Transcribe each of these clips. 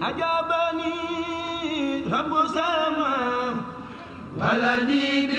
عجبني رب السماء ولدي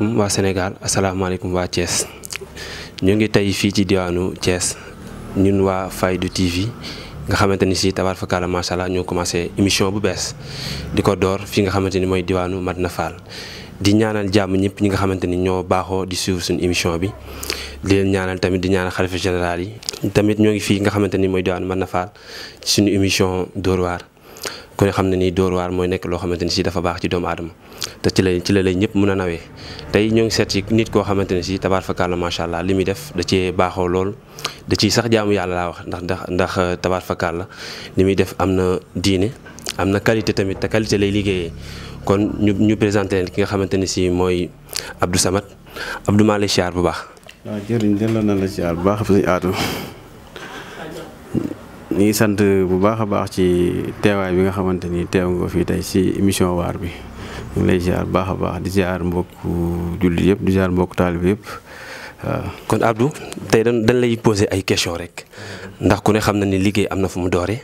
asalaamaaleykum waa Sénégal asalaamaaleykum waa cees ñoo ngi tey fii ci diwaanu cees ñun waa Fayda TV nga xamante ni si tabaar fakkaala allah ñoo commencé émission bu bees di ko door fi nga xamante ni mooy diwaanu na Fall di ñaanal jàmm ñëpp ñi nga xamante ni ñoo baaxoo di suivre suñu émission bi di leen ñaanal tamit di ñaanal xalifa général yi tamit ñoo ngi fii nga xamante ni mooy diwaanu Madina Fall ci suñu émission Dóor waar ku ne xam na ni Dóor waar mooy nekk loo xamante ni si dafa baax ci doomu aadama te ci la ci la lay ñëpp mën a nawee tey ñoo ngi seet ci nit koo xamante ne si tabaar fakalla macha allah li muy def da cee baaxoo lool da ciy sax jaamu yàlla laa wax ndax ndax ndax euh, tabaar fakalla li muy def am na diine am na qualité tamit te qualité lay liggéeyee kon ñu ñu présenté ki nga xamante ne si mooy Abdou Samad Abdou maa lay bu baax. waaw jëriñ na la bu baax suñu aatu ñu ngi sant bu baax a baax ci teewaay bi nga xamante ni teew nga fii tey si émission waar bi. ñu ngi lay baax a baax di ziar mbokku jullit yëpp di ziar mbokku taalib yëpp kon Abdou tey dañ dañ lay poser ay question rek ndax ku ne xam na ni liggéey am na fu mu dooree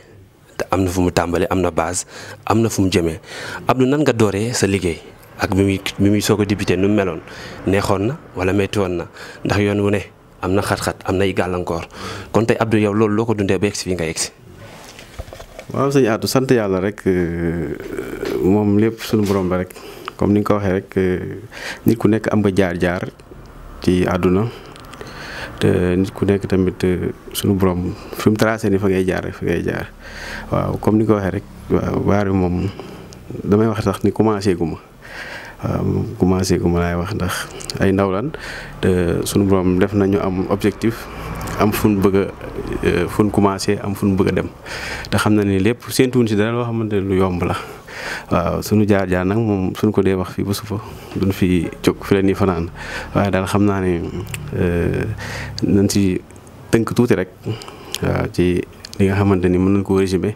am na fu mu tàmbalee am na base am na fu mu jëmee Abdou nan nga dooree sa liggéey ak bi muy bi muy soog nu mu meloon neexoon na wala metti woon na ndax yoon wu ne am na xat-xat am nay gàllankoor kon tey Abdou yow loolu loo ko dundee ba egsi fii nga egsi. waaw sëñ Atou sant yàlla rek. Euh, moom lépp sunu borom la rek comme ni nga ko waxee rek euh, nit ku nekk am nga jaar-jaar ci àdduna te nit ku nekk tamit euh, sunu borom fi mu tracé ni fa ngay jaar fa ngay jaar waaw comme ni nga ko waxee rek waaw Baare moom damay wax sax ni commencé gu ma waaw commencé gu ma laay wax ndax ay ndaw lan te sunu borom def nañu am objectif. am fu ñu bëgg a euh, fu ñu am fu ñu dem te xam na ni lépp séntuwuñ si dara loo xamante lu yomb la waaw suñu jaar jaar nag moom suñ ko dee wax fii ba suba duñ fi jóg fi la nii fanaan waaye daal xam naa ne eh, nañ ci tënk tuuti rek waaw ci li nga xamante ni mën nañ koo résumer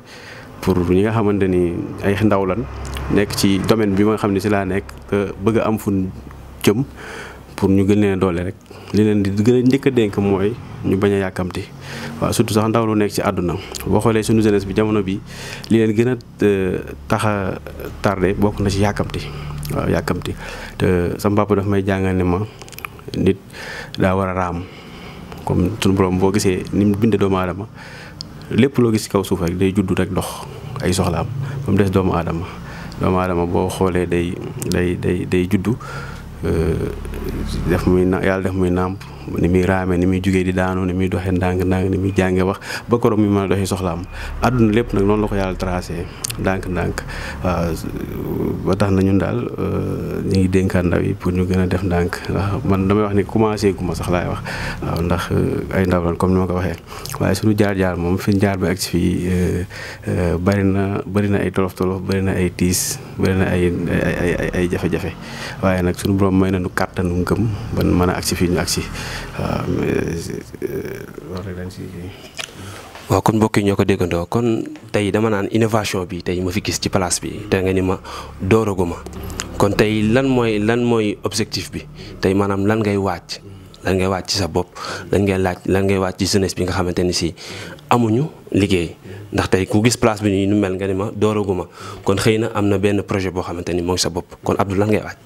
pour ñi nga xamante ni ay ndaw lan nekk ci domaine bi ma xam ne si laa nekk bëgg a am fun jëm pour ñu gën leen doole rek li leen di gën a njëkk a dénk mooy ñu bañ a yàkkamti waaw surtout sax ndaw lu nekk ci àdduna boo xoolee suñu jeunesse bi jamono bi li leen gën a tax a tardé bokk na ci yàkkamti waaw yàkkamti te sama papa daf may jàngal ne ma nit daa war a raam comme suñu borom boo gisee ni mu bindee doomu aadama lépp loo gis ci kaw suuf rek day juddu rek dox ay soxlaam ba mu des doomu aadama doomu aadama boo xoolee day day day day juddu. Euh, def muy na yàlla muy nàmp ni muy raame ni muy jugee di daanu ni muy doxee ndànk-ndànk ni muy jànge wax ba koroog mi mën a doxee soxlaam àdduna lépp nag noonu la ko yàlla tracé ndànk-ndànk waaw ba tax na ñun daal euh, ñu ngi dénkaat ndaw yi pour ñu gën a def ndànk ndax man damay wax ni commencé gu ma sax laay wax ndax euh, ay ndaw comme ni ma ko waxee waaye suñu jaar-jaar moom fi jaar ba ak si fii euh, bari na bari na ay tolof-tolof bari na ay tiis bari na ay ay ay jafe-jafe waaye nag suñu borom may nañu kàttanu ngëm ban mën a agsi fii ñu agsi waaw loolu kon mbokk yi ñoo ko déggandoo kon tey dama naan innovation bi tey ma fi gis ci place bi te nga ni ma dooraguma kon tey lan mooy lan mooy objectif bi tey maanaam lan ngay wàcc lan ngay wàcc ci sa bopp lan ngay laaj lan ngay wàcc ci jeunesse bi nga xamante ni si amuñu liggéey ndax tey ku gis place bi nii nu mel nga ni ma dooraguma kon xëy na am na benn projet boo xamante ni mooy sa bopp kon Abdou lan ngay wàcc.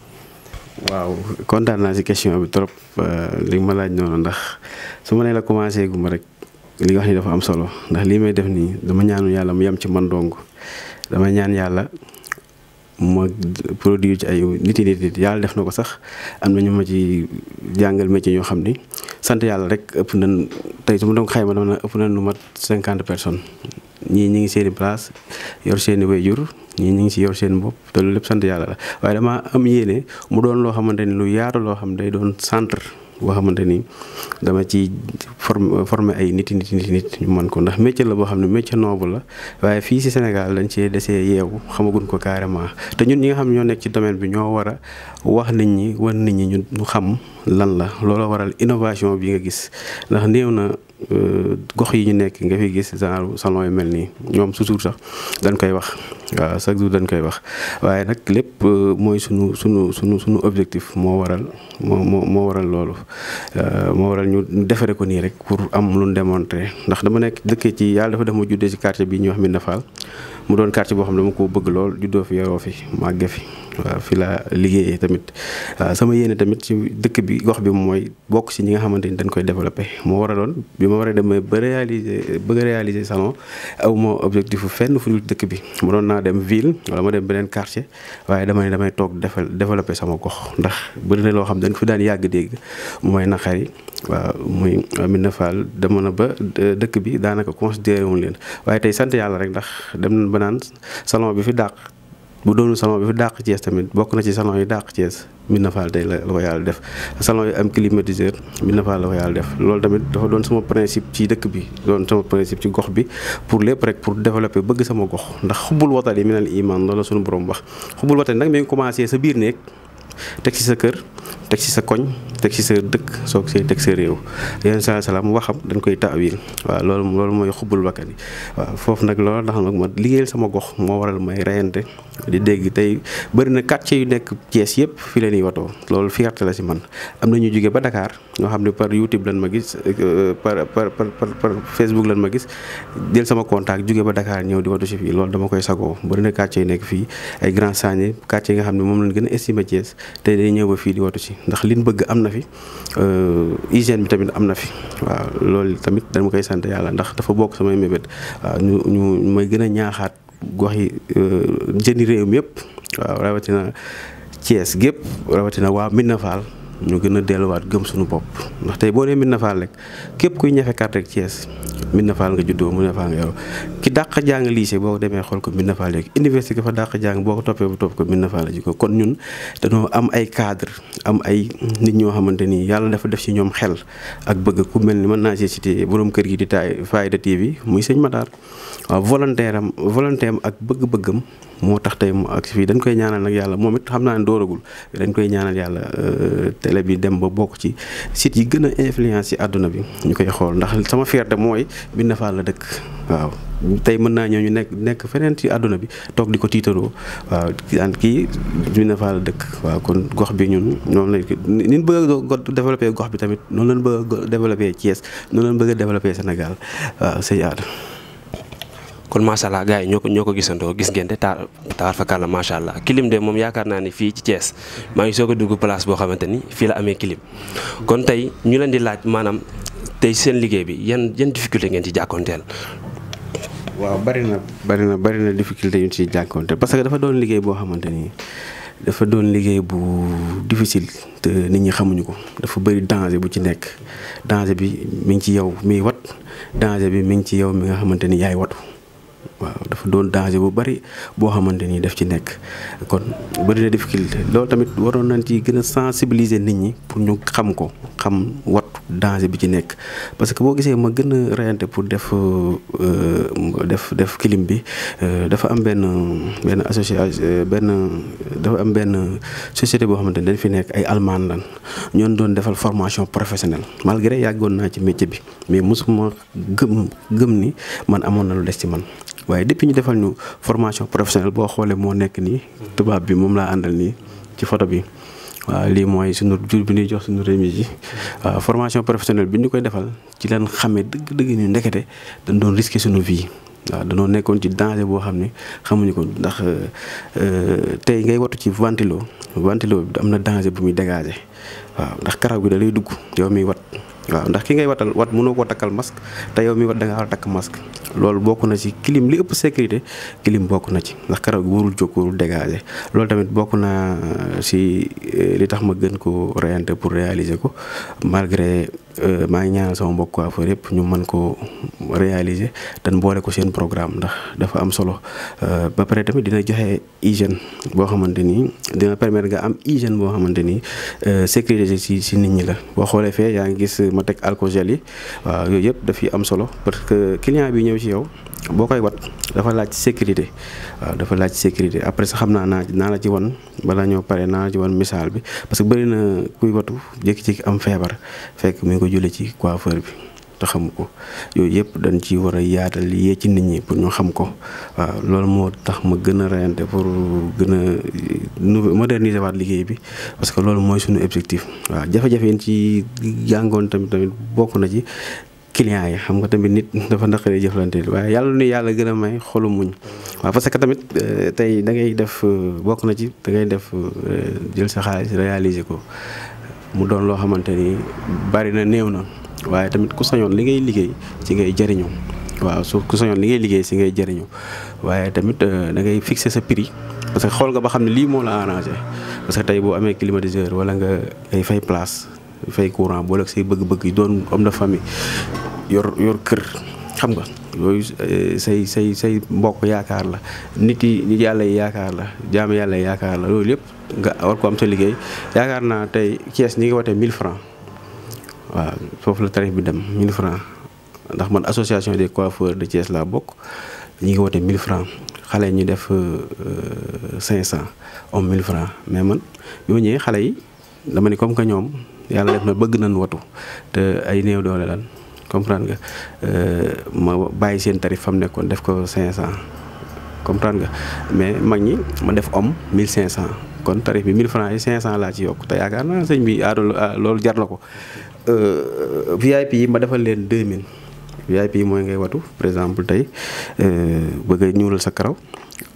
waaw kontaan naa si question bi trop euh, li ma laaj noonu ndax su ma nee la commencé gu ma rek li nga wax ni dafa am solo ndax lii may def nii dama ñaanu yàlla mu yem ci man dong dama ñaan yàlla ma produit ci ay nit yi nit yàlla def na ko sax am na ñu ma ci jàngal métier ñoo xam ni sant yàlla rek ëpp nañ tey su ma doon xayma dama na ëpp nañ lu mat cinquante personnes ñii ñi ngi seen i place yor seen i wayjur ñii ñi ngi si yor seen bopp te loolu lépp sant yàlla la waaye dama am yéene mu doon loo xamante ni lu yaatu loo xam day doon centre boo xamante ni dama ci form ay nit nit nit nit ñu mën ko ndax métier la boo xam ne métier noble la waaye fii si Sénégal dañ cee desee yeewu xamaguñ ko carrément te ñun ñi nga xam ñoo nekk ci domaine bi ñoo war wax nit ñi wan nit ñi ñu xam lan la looloo waral innovation bi nga gis ndax néew Euh, gox yi ñu nekk nga fi gis genre salon yu mel ni ñoom toujours sax dañ koy wax waaw chaque jour dañ koy wax waaye nag lépp euh, mooy suñu suñu suñu sunu objectif moo waral moo moo waral loolu euh, moo waral ñu defaree ko nii rek pour am lu démontrer ndax dama nekk dëkkee ci yàlla dafa def ma juddee ci quartier bi ñuy wax Médina Fall mu doon quartier boo xam ne dama ko bëgg lool juddoo fi yaroo fi màgge fi waaw laa liggéeyee tamit sama yéene tamit ci dëkk bi gox bi mooy bokk ci ñi nga xamante ni dañ koy développé moo waraloon bi ma war a demee ba réaliser bëgg réaliser salon aw ma objectif fenn fu dëkk bi naa dem ville wala ma dem beneen quartier waaye dama ne damay toog defal développé sama gox ndax bëri na loo xam dañ fi daan yàgg dégg mooy naqari waaw muy Médina Fall dama na ba dëkk bi daanaka considéré wuñ leen waaye tey sant yàlla rek ndax dem nañ ba naan salon bi fi dàq. bu doonu salon bi fi dàq Thiès tamit bokk na ci salon yi dàq Thiès Médina Fall tey la ko yàlla def salon yi am climatiseur Médina Fall la ko yàlla def loolu tamit dafa doon sama principe ci dëkk bi doon sama principe ci gox bi pour lépp rek pour développer bëgg sama gox ndax xubul watali minal iman loolu la suñu borom wax xubul watali nag mi ngi commencé sa biir néeg teg ci sa kër teg ci sa koñ teg ci sa dëkk soo ko see teg sa réew yenn saa salaam waxam dañ koy taawil waa loolu loolu mooy xubbul bakkan yi foofu nag loolu tax nag ma liggéeyal sama gox moo waral may reyante di dégg tey bëri na quartier yu nekk Thiès yëpp fi la ñuy watoo loolu fierté la si man am na ñu jóge ba dakaar ñoo xam ne par YouTube lan ma gis euh, par par par par Facebook lan ma gis jël sama contact jóge ba Dakar ñëw di watu si fii loolu dama koy sagoo bëri na quartier yu nekk fii ay Grand Sagne quartier yi nga xam ne moom lañ gën a estimé Thiès tey day ñëw di watu si ndax liñ bëgg am na fi euh, hygiène bi tamit am na fi waaw loolu tamit dama koy sant yàlla ndax dafa bokk samay mébét waaw ñu ñu may gën a ñaaxaat gox yi euh, jëni réew mi yëpp waaw rawatina Thiès gépp rawatina waa Médina Fall ñu gën a delluwaat gëm suñu bopp ndax tey boo nee Médina Fall rek képp kuy ñafe carte rek cees Médina Fall nga juddoo Médina Fall nga yow ki dàq jàng lii lycée boo ko demee xool ko Médina Fall léegi université fa dàq jàng boo ko toppee bu topp ko Médina Fall la ko kon ñun dañoo am ay cadre am ay nit ñoo xamante nii yàlla dafa def ci ñoom xel ak bëgg ku mel ni mën naa si cité borom kër gi di taay Fayda TV muy sëñ Matar waaw volontaire am ak bëgg-bëggam moo tax tey mu ak fii dañ koy ñaanal nag yàlla moom it xam naa ne dooragul dañ koy ñaanal yàlla euh, télé bi dem ba bokk ci sit yi gën a influence ci àdduna bi ñu koy xool ndax sama fierté mooy Binda Fall la dëkk waaw tey mën naa ñëw ñu nekk nekk feneen ci àdduna bi toog di ko tiitaroo waaw daan kii Binda Fall la dëkk waaw kon gox bi ñun noonu lañ ni ñu bëgg a développé gox bi tamit noonu lañ bëgg a développé Thiès noonu lañ bëgg a développé Sénégal waaw sëñ Aada kon macha allah gars yi ñoo ko ñoo ko gisandoo gis ngeen de taar taar fa kàlla macha allah clim de moom yaakaar naa ni fii ci Thiès maa ngi soog a dugg place boo xamante ni fii la amee clim kon tey ñu leen di laaj maanaam tey seen liggéey bi yan yan difficulté ngeen ci jàkkoonteel. waaw bari na bari na bari na difficulté yu ñu ciy jàkkoonte parce que dafa doon liggéey boo xamante ni dafa doon liggéey bu difficile te nit ñi xamuñu ko dafa bëri danger bu ci nekk danger bi mu ngi ci yow miy wat danger bi mu ngi ci yow mi nga xamante ni yaay watu. dafa doon danger bu bari boo xamante nii daf ci nekk kon bëri na difficulté loolu tamit waroon nañ ci gën a sensibiliser nit ñi pour ñu xam ko xam wat danger bi ci nekk parce que boo gisee ma gën a reyante pour def euh, def def kilim bi euh, dafa am benn benn association euh, benn dafa am benn société boo xamante ni dañ fi nekk ay almaan lan ñoon doon defal formation professionnelle malgré yàggoon naa ci métier bi mais mosuma gëm gëm ni man amoon na lu des ci man waaye depuis ñu defal ñu formation professionnelle boo xoolee moo nekk nii tubaab bi moom laa àndal nii ci photo bi waaw lii mooy sunu jur bi ñuy jox sunu remise yi waaw formation professionnelle bi ñu koy defal ci lan xamee dëgg dëgg ni ndekete dañ doon risquer sunu vie waaw danoo nekkoon ci danger boo xam ne xamuñu ko ndax euh, tey ngay watu ci ventilo ventilo bi am na danger bu muy dégager waaw ndax karaw bi da lay dugg yow miy wat waaw ndax ki ngay watal wat mënoo ko takkal masque te yow miy wat da a takk masque loolu bokk na ci kilim li ëpp sécurité kilim bokk na ci ndax karaw gi warul jóg warul dégager loolu tamit bokk na euh, ci euh, li tax ma gën ko orienté pour réaliser ko malgré Euh, maa ngi ñaanal sama mbokk coiffeur yëpp ñu mën ko réaliser dan boole ko seen programme ndax dafa am solo euh, ba pare tamit dina joxe hygiène boo xamante ni dina permettre nga am hygiène boo xamante ni euh, sécurité ci ci nit ñi la boo xoolee fee yaa ngi gis ma teg alcool gel yi waaw yooyu yëpp daf am solo parce que client bi ñëw ci yow boo koy wat dafa laaj sécurité waaw dafa laaj sécurité après sax xam naa naa naa la ci wan balaa ñoo pare naa la ci wan misaal bi parce que bëri na kuy watu jékki-jékki am feebar fekk mu ko jëlee ci coiffeur bi te xam ko yooyu yëpp dañ ci war a yaatal yee ci nit ñi pour ñu xam ko waaw loolu moo tax ma gën a reyante pour gën a moderniser waat liggéey bi parce que loolu mooy suñu objectif waaw jafe-jafe yi ci jàngoon tamit tamit bokk na ci client yi xam nga tamit nit dafa naqaree jëflante waaye yàlla nu yàlla gën a may xolu muñ waa parce que tamit euh, tey dangay def euh, bokk na ci da ngay def euh, jël sa xaalis réaliser ko mu doon loo xamante ni bari na néew na waaye tamit ku sañoon li ngay liggéey ci ngay jëriñoo waaw su ku sañoon li ngay liggéey si ngay jëriñoo waaye tamit da ngay fixer sa prix parce que xool nga ba xam ne lii moo la arrangé parce tey boo amee climatiseur wala nga ngay fay place fay courant boole ak say bëgg-bëgg yi doon ome de famille yor yor kër xam nga yooyu eh, say say say mbokk yaakaar la nit yi nit yàlla yi yaakaar la jaam yàlla yi yaakaar la loolu yëpp nga war ko am sa liggéey yaakaar naa tey Thiès ñi ngi wootee 1000 francs waaw foofu la tarif bi dem 1000 francs ndax man association des coiffeurs de Thiès laa bokk ñi ngi wootee 1000 francs xale ñu def cent om 1000 francs mais man bi ma ñëwee xale yi dama ne comme que ñoom yàlla def na bëgg nañ watu te ay néew doole lan comprendre nga euh, ma bàyyi seen tarif fam nekkoon def ko cent comprendre nga mais mag ñi ma def homme 1500 kon tarif bi 1000 francs yi cent laa ci yokk te yaakaar naa sëñ bi aado ah, loolu jar na ko euh, VIP yi ma defal leen mille VIP yi mooy ngay watu par exemple tey euh, bëgg a ñuulal sa karaw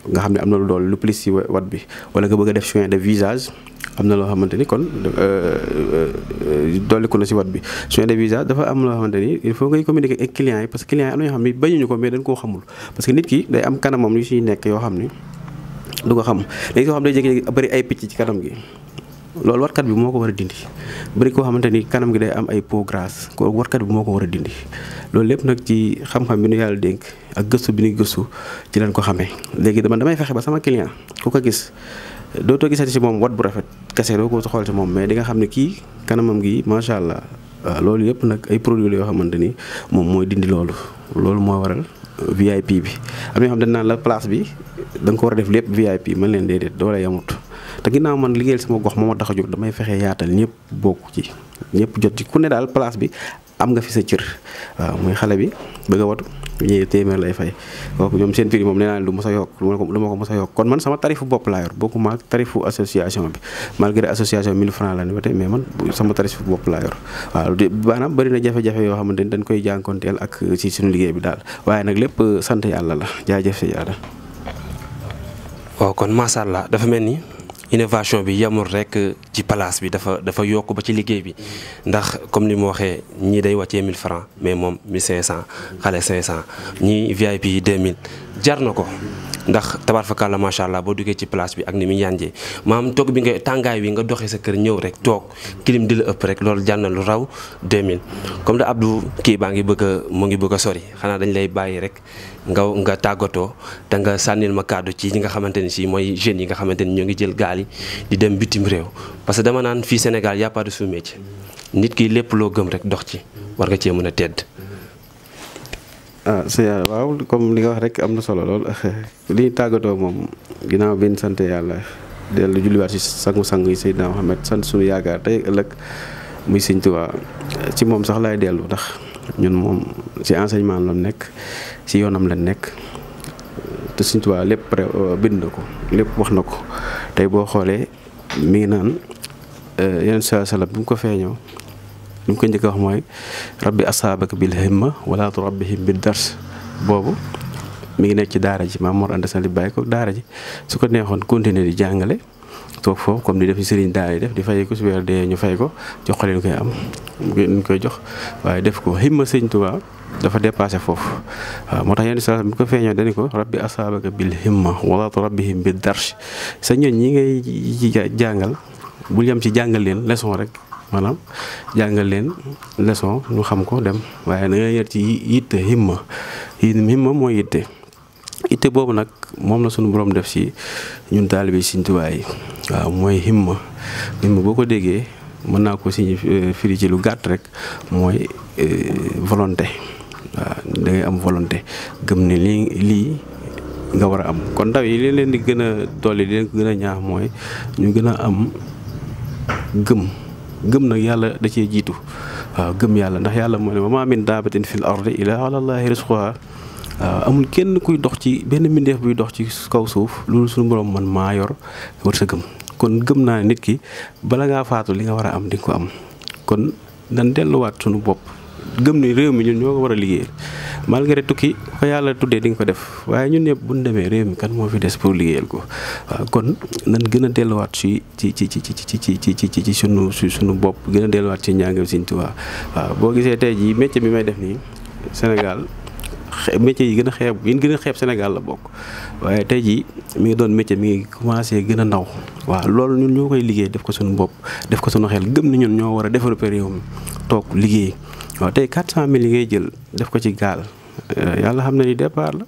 nga xam ne am na lu dool lu plus si wat bi wala nga bëgg def soin de visage am na loo xamante ni kon euh, euh, euh, dolliku na si wat bi su de visa dafa am loo xamante ni il faut ngay communiquer ak clients yi parce que clients yi am na ñoo xam ne bañuñu ko mais dañ koo que nit ki day am kanamam yu nekk yoo xam ni du ko xam léegi soo xam day jékki-jékki bëri ay picc ci kanam gi loolu warkat bi moo ko war a dindi bëri koo xamante ni kanam gi day am ay peau grasse ko warkat bi moo ko war a dindi loolu lépp nag ci xam-xam bi nu yàlla dénk ak gëstu bi nu gëstu ci leen ko xamee léegi dama damay fexe ba sama client ku ko gis dootoo gisati si moom wat bu rafet kese doo ko xool ci moom mais di nga xam ne kii kanamam gi macha allah loolu yëpp nag ay produits la yoo xamante ni moom mooy dindi loolu loolu mooy waral euh, VIP bi am na yoo xam dañ naan la place bi da ko war a def lépp VIP man leen déedéet doole yamut te ginnaaw man liggéeyal sama gox moo ma tax a jóg damay fexe yaatal ñëpp bokk ci ñëpp jot ci ku ne daal place bi am nga fi sa cër waaw muy xale bi bëgg a watu yee téeméer lay fay kooku ñoom seen prix moom nee naa leen du mos a yokk du ma ko mos a yokk kon man sama tarifu bopp laa yor bokkuma ak tarifu association bi malgré association 1000 francs la ne jafe uh, uh, si yàlla waaw kon macha allah dafa mel ni innovation bi yamul rek ci place bi dafa dafa yokk ba ci liggéey bi ndax comme ni mu waxee ñii day wàccee mille francs mais moom 1500 xale 500 ñii VIP yi 2000 jar na ko ndax tabaar fakàlla macha allah boo duggee ci place bi ak ni mu yànjee maam toog bi nga tàngaay wi nga doxee sa kër ñëw rek toog kilim di la ëpp rek loolu jar na lu raw mille comme da Abdou kii baa ngi bëgg a mu ngi bëgg a sori xanaa dañ lay bàyyi rek. nga nga tàggatoo te nga sànnil ma kàddu ci ñi nga xamante ni si mooy jeunes yi nga xamante ni ñoo ngi jël gaal yi di dem bitim réew parce que dama naan fii Sénégal y a pas de sous nit ki lépp loo gëm rek dox ci war nga cee mën a tedd. ah sëñ waaw comme li nga wax rek am na solo lool li tàggatoo moom ginnaaw bi sant yàlla dellu julliwaat si sangu-sangu yi Seydina Mohamed sant suñu yaakaar tey ëllëg muy Sëñ Tuubaa ci moom sax laay dellu ndax. ñun moom ci enseignement la nekk ci yoonam lañ nekk te Sëriñ Tuubaa lépp euh, bind na ko lépp wax na ko tey boo xoolee mi ngi naan euh, yeneen saa bi mu ko feeñoo li mu ko njëkk wax mooy rabbi asaabaka bil himma wala turabbihim bid dars boobu mi ngi nekk ci daara ji Maam Mor Anta Sali bàyyi ko daara ji su ko neexoon continuer di jàngale. toog foofu comme ni def ci sëriñ yi def di fay ko su weer dee ñu fay ko jox ko leen koy am ñu koy jox waaye def ko himma sëñ Tuubaa dafa dépassé foofu waaw moo tax yenn sa ko feeñoo dañu ko rabbi asaabaka bil himma wala bi darsh sa ñoon ñi ngay jàngal bul yem ci jàngal leen leçon rek maanaam jàngal leen leson ñu xam ko dem waaye da nga ci yitte himma himma mooy yitte itte boobu nag moom na sunu borom def si ñun taalibe Sëriñ Tuubaa waaw mooy himma himma boo ko déggee mën naa ko si euh, firi ci lu gàtt rek mooy euh, volonté waaw da am volonté gëm ni lii nga war a am kon ndaw yi li leen di gën a dolli li leen gën a ñaax mooy ñu gën a am gëm gëm nag yàlla da cee jiitu waaw gëm yàlla ndax yàlla moo ne wa maa min daabatin fil ardi illaa alallaahi rizquhaa waaw euh, amul kenn kuy dox ci benn mbindeef buy dox ci kaw suuf loolu suñu borom man maa yor wërsëgam kon gëm naa nit ki bala ngaa faatu li nga war a am di ko am kon dañ delluwaat suñu bopp gëm ni réew mi ñun ñoo war a liggéeyal malgré tukki fa yàlla tuddee di nga ko def waaye ñun ñëpp bu ñu demee réew mi kan moo fi des pour liggéeyal ko waaw kon nan gën a delluwaat ci ci ci ci ci ci ci sunu sunu bopp gën a delluwaat ci njàngam Sëñ Tuubaa waaw boo gisee tey jii métier bi may def nii Sénégal métier yi gën a xeeb yi gën a xeeb Sénégal la bokk waaye tey jii mi ngi doon métier mi ngi commencé gën a ndaw waaw loolu ñun ñoo koy liggéey def ko suñu bopp def ko suñu xel gëm ni ñun ñoo war a développer réew mi toog liggéey waaw tey 400 mille yi ngay jël def ko ci gaal euh, yàlla xam na ni départ la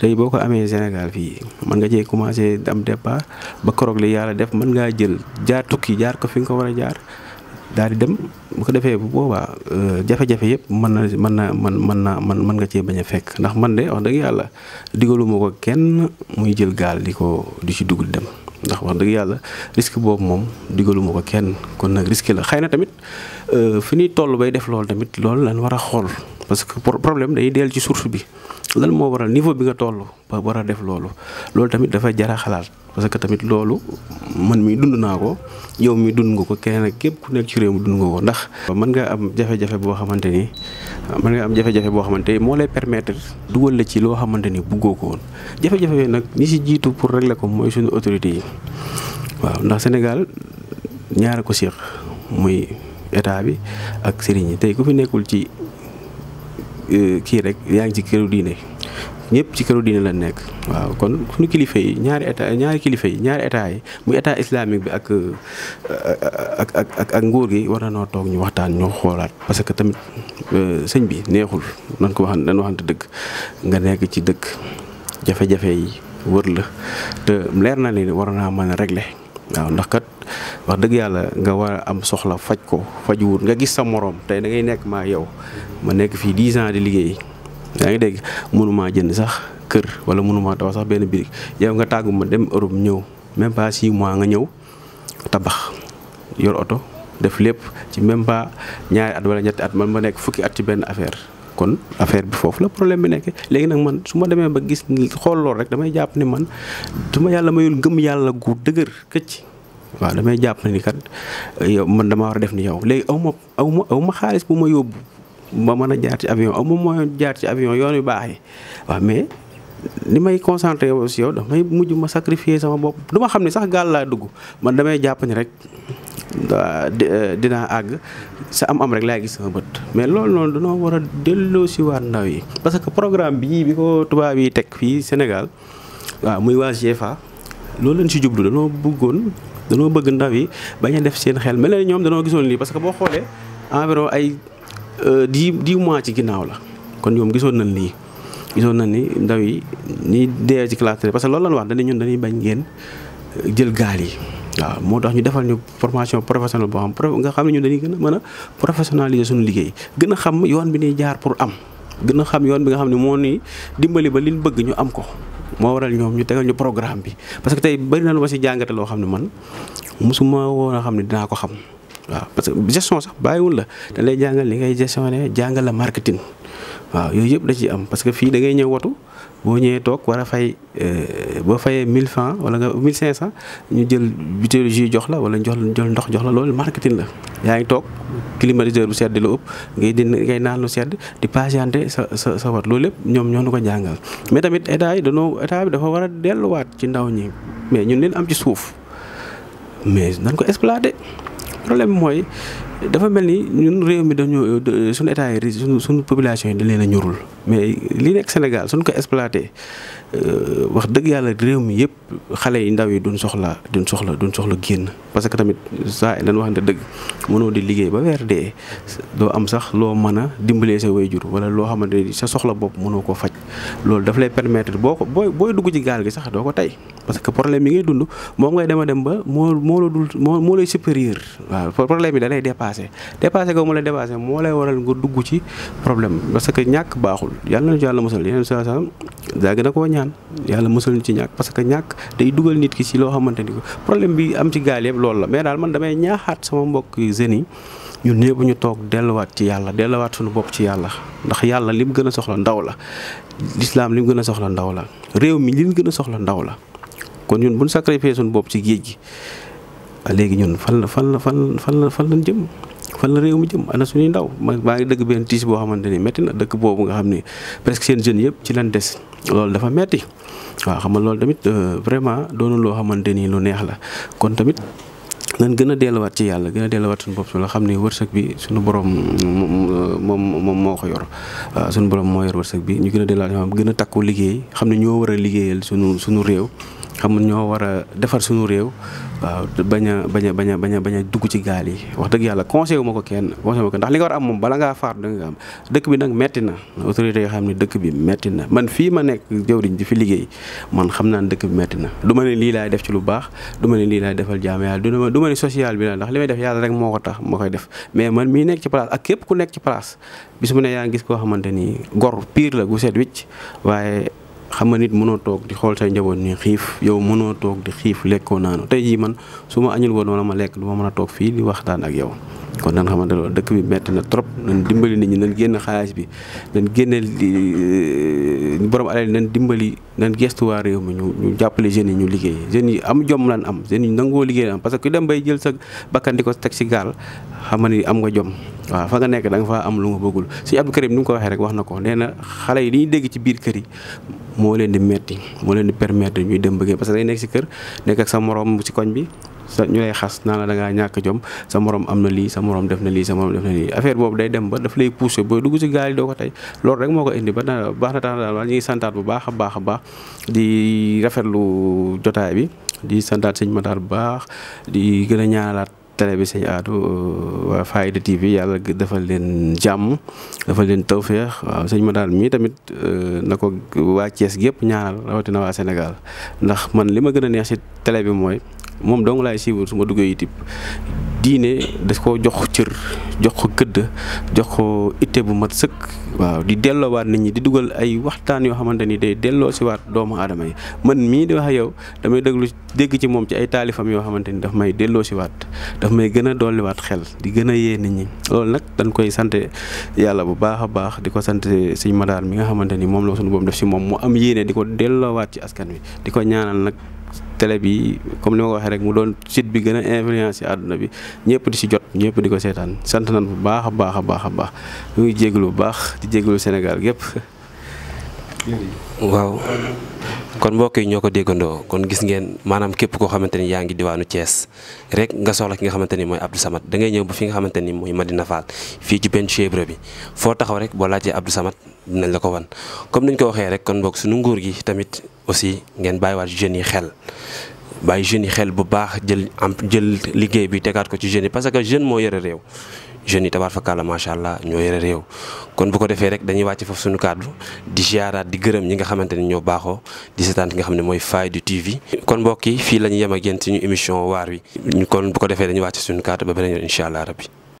tey boo ko amee Sénégal fii mën nga cee commencé am départ ba koroog li yàlla def mën ngaa jël jaar tukki jaar ko fi nga ko war a jaar daal di dem bu ko defee bu boobaa euh, jafe-jafe yëpp mën na mën na man mën na mën mën nga cee bañ a fekk ndax man de wax dëgg yàlla digaluma ko kenn muy jël gaal di ko di ci dugg di dem ndax wax dëgg yàlla risque boobu moom digaluma ko kenn kon nag risque la xëy na tamit euh, fi ñuy tollu bay def loolu tamit loolu lañ war a xool parce que problème day dellu ci source bi lan moo waral niveau bi nga toll ba war a def loolu loolu tamit dafa jara xalaat parce que tamit loolu man mi dund naa ko yow mi dund nga ko keneen ak képp ku nekk ci réew mi dund nga ko ndax. mën nga am jafe boo xamante ni mën nga am jafe boo xamante ni moo lay permettre dugal la ci loo xamante ni buggoo ko woon nag ñi si jiitu pour régler ko mooy suñu autorité yi waaw ndax Sénégal ñaara ko séq muy état bi ak sëriñ yi tey ku fi nekkul ci. Euh, kii rek yaa ngi ci këru diine ñëpp ci këru diine la nekk waaw kon suñu kilifa yi ñaari état ñaari kilifa yi ñaari état yi mu état islamique bi euh, ak ak nguur gi war na noo toog ñu waxtaan ñu xoolaat parce que tamit euh, sëñ bi neexul nan ko waxan nan waxante dëgg nga nekk ci dëkk jafe yi wër leer na ni war naa mën a régler waaw ndax kat wax dëgg yàlla nga war a am soxla faj ko fajuwut nga gis sa moroom tey da ngay nekk maa yow ma nekk fii dix ans di liggéey yaa ngi dégg mënumaa jënd sax kër wala mënumaa tabax sax benn birig yow nga tàggu ma dem Europe ñëw même pas six mois nga ñëw tabax yor oto def lépp ci même pas ñaari at wala ñetti at man ma nekk fukki at ci benn affaire kon affaire bi foofu la problème bi nekk léegi nag man su ma demee ba gis xool lool rek damay jàpp ni man su ma yàlla mayul gëm yàlla gu dëgër këcc waaw damay jàpp ni kat yow man dama war a def ni yow léegi xaalis bu ma yóbbu ma mën a jaar ci avion amu jaar ci avion yoon yu baax yi waaw mais li may concentré aussi yow damay mujj ma sacrifier sama bopp du xam ne sax gaal laa dugg man damay jàpp ni rek euh, dinaa àgg sa am am rek laay gis sama bët mais loolu noonu danoo war a delloo si waat ndaw yi parce que programme bii bi ko tubaab yi teg fii Sénégal waaw muy waa GFA loolu lañ si jublu danoo bëggoon danoo bëgg ndaw yi bañ a def seen xel mel ñoom danoo gisoon lii parce que boo xoolee environ ay Euh, dix dix mois ci ginnaaw la kon ñoom gisoon nañ lii gisoon nañ ni ndaw yi ñuy dee ci classe parce que loolu lañ wax dañu ñun dañuy bañ ngeen euh, jël gaal yi waaw moo tax ñu defal ñu formation professionnelle boo xam nga xam ne ñu dañuy gën a mën a professionnaliser suñu liggéey gën a xam yoon bi ñuy jaar pour am gën a xam yoon bi nga xam ne moo ni dimbali ba li bëgg ñu am ko moo waral ñoom ñu tegal ñu programme bi parce que tey bari na lu ma si jàngate loo xam ne man mosuma woon a xam ne dinaa ko xam waaw parce que gestion sax bàyyiwul la da lay jàngal li ngay gestionné jàngal la marketing waaw yooyu yëpp da ciy am parce que fii da ngay ñëw watu boo ñëwee toog war a fay euh, boo fayee mille francs wala nga 1500 ñu jël butéelu jox la wala jox jël ndox jox la loolu marketing la. yaa ngi toog climatiseur bu sedd la ëpp ngay di ngay naan lu sedd di patienté sa sa sa wat loolu lépp ñoom ñoo nu ko jàngal mais tamit état yi danoo état bi dafa war delluwaat ci ndaw ñi mais ñun leen am ci suuf problème mooy dafa mel ni ñun réew mi dañoo suñu état yi suñu suñu population yi dañ leen a ñorul mais lii nekk Sénégal suñ ko exploité. Euh, wax dëgg yàlla di réew mi yëpp xale yi ndaw yi duñ soxla duñ soxla duñ soxla génn parce que tamit saa yi dañu waxante dëgg mënoo di liggéey ba weer dee doo am sax loo mën a dimbalee sa wayjur wala loo xamante ni sa soxla bopp mënoo ko faj loolu daf lay permettre boo ko booy booy dugg ci gaal gi sax doo ko tey parce que problème yi ngay dund moom ngay dema dem ba moo moo la moo moo lay supérieur waaw problème yi da lay dépassé dépassé ko mu lay dépassé moo lay waral nga dugg ci problème parce que ñàkk baaxul yàlla na yàlla mosal yeneen daa gën a koo ñàkk ñaan yàlla musal ñu ci ñàkk parce que ñàkk day dugal nit ki ci loo xamante ni problème bi am ci gaal yëpp loolu la mais daal man damay ñaaxaat sama mbokk jeunes yi ñun toog delluwaat ci yàlla delluwaat suñu bopp ci yàlla ndax yàlla lim gën a soxla ndaw la lislaam lim gën a soxla ndaw la réew mi lim gën a soxla ndaw la kon ñun buñ sacrifier suñu bopp ci géej gi Ah, léegi ñun fan la fan la fan fan la fan lañ jëm fan la réew mi jëm ana suñuy ndaw man maa ngi dëgg benn tiis boo xamante ni métti na dëkk boobu nga xam ni presque seen jeunes yëpp ci lan des loolu dafa metti waaw xam nga loolu tamit euh, vraiment doonul loo xamante ni lu neex la kon tamit. nan gën a delluwaat ci yàlla gën a delluwaat suñu bopp su la xam ne wërsëg bi suñu borom moom moom moo ko yor waaw suñu borom moo yor wërsëg bi ñu gën a delluwaat xam gën a takku liggéey xam ne war a liggéeyal suñu suñu réew xam ñoo war a defar suñu réew waaw bañ a bañ a bañ baña bañ a bañ dugg ci gaal yi wax dëgg yàlla conseil wu ma ko kenn conseil ma ko ndax li nga war am moom bala ngaa faatu da nga am dëkk bi nag metti na autorité yoo xam ne dëkk bi metti na man fii ma nekk jëwriñ di fi liggéey man xam naa ne dëkk bi metti na du ma ne lii laay def ci lu baax du ma ne lii laay defal jaam yàlla du ma du ma ne social bi la ndax li may def yàlla rek moo ko tax ma koy def mais man mii nekk ci place ak képp ku nekk ci place bis ma ne yaa ngi gis koo xamante ni gor pire la gu set wicc waaye xam nga nit mënoo toog di xool say njaboot ni xiif yow mënoo toog di xiif lekkoo naanu tey jii man su ma añul woon wala ma lekk du ma mën a toog fii di waxtaan ak yow kon nan xamante loolu dëkk bi metti na trop nan dimbali nit ñi nan génn xaalis bi nan génne euh, borom alal nan dimbali nan gestu waa réew mi ñu ñu jàppale jeunes yi ñu liggéey jeunes yi am jom lan am jeunes yi nangoo liggéey am parce que dem bay jël sa bakkan di ko teg si gaal xam nga ni am nga jom waaw nga nekk da nga faa am lu nga bëggul si Abdou Karim ni mu ko waxee rek wax na ko nee na xale yi li ñuy dégg ci moo leen di moo leen di permettre ñuy dem bëggee parce que day nekk si kër morom si koñ bi sa ñu naa la da ngaa ñàkk jom sa morom am na lii sa morom def na lii sa morom def na lii affaire ba daf lay poussé ba dugg gaal yi doo ko tey loolu rek moo ko indi ba baax na tax daal ñu ngi santaat bu baax a baax a baax di rafetlu jotaay bi di santaat sëñ Matar bu baax di gën a ñaanalaat télé bi sëñ Aatu euh, waa Faaida TV yàlla defal leen jàmm defal leen tawféex waaw sëñ Matar mii tamit euh, na ko waa Thiès gépp ñaanal rawatina waa Sénégal ndax man li ma gën a neex ci tele bi mooy moom dong laay siiwul su ma duggee YouTube diine daf ko jox cër jox ko gëdd jox ko itte bu mat sëkk waaw di delloowaat nit ñi di dugal ay waxtaan yoo xamante ni day delloo si waat doomu aadama yi man mii di wax yow damay déglu dégg ci moom ci ay taalifam yoo xamante ni daf may delloo si waat daf may gën a dolliwaat xel di gën a yee nit ñi loolu nag dañ koy sant yàlla bu baax a baax di ko sant sëñ Madaar mi nga xamante ni moom loo suñu boom def si moom mu am yéene di ko delloowaat ci askan wi di ko ñaanal nag télé bi comme li ma ko waxee rek mu doon site bi gën a influence ci àdduna bi ñëpp di si jot ñëpp di ko seetaan sant nañ bu baax a baax a baax a baax ñu ngi jégalu bu baax di jégalu Sénégal gépp waaw kon mbokk ñoo ko déggandoo kon gis ngeen maanaam képp koo xamante ni yaa ngi diwaanu cees rek nga soxla ki nga xamante ni mooy Abdou Samad da ngay ñëw ba fi nga xamante ni mooy Madina Fall fii ci benn chèvre bi foo taxaw rek boo laajee Abdou Samad dinañ la ko wan comme nañ ko waxee rek kon boog suñu nguur gi tamit aussi ngeen bàyyiwaat jeunes yi xel bàyyi jeunes yi xel bu baax jël am jël liggéey bi tegaat ko ci jeunes parce que jeune moo yore réew jeunes yi fa fakkaala macha allah ñoo yore réew kon bu ko defee rek dañuy wàcc foofu suñu kàddu di ziaraat di gërëm ñi nga xamante ni ñoo baaxoo di seetaan ki nga xam ne mooy Faaida TV kon mbokk yi fii la ñu yem ak yéen suñu émission waar wi kon bu ko defee dañuy wàcc suñu kàddu ba beneen yoon incha allah rabbi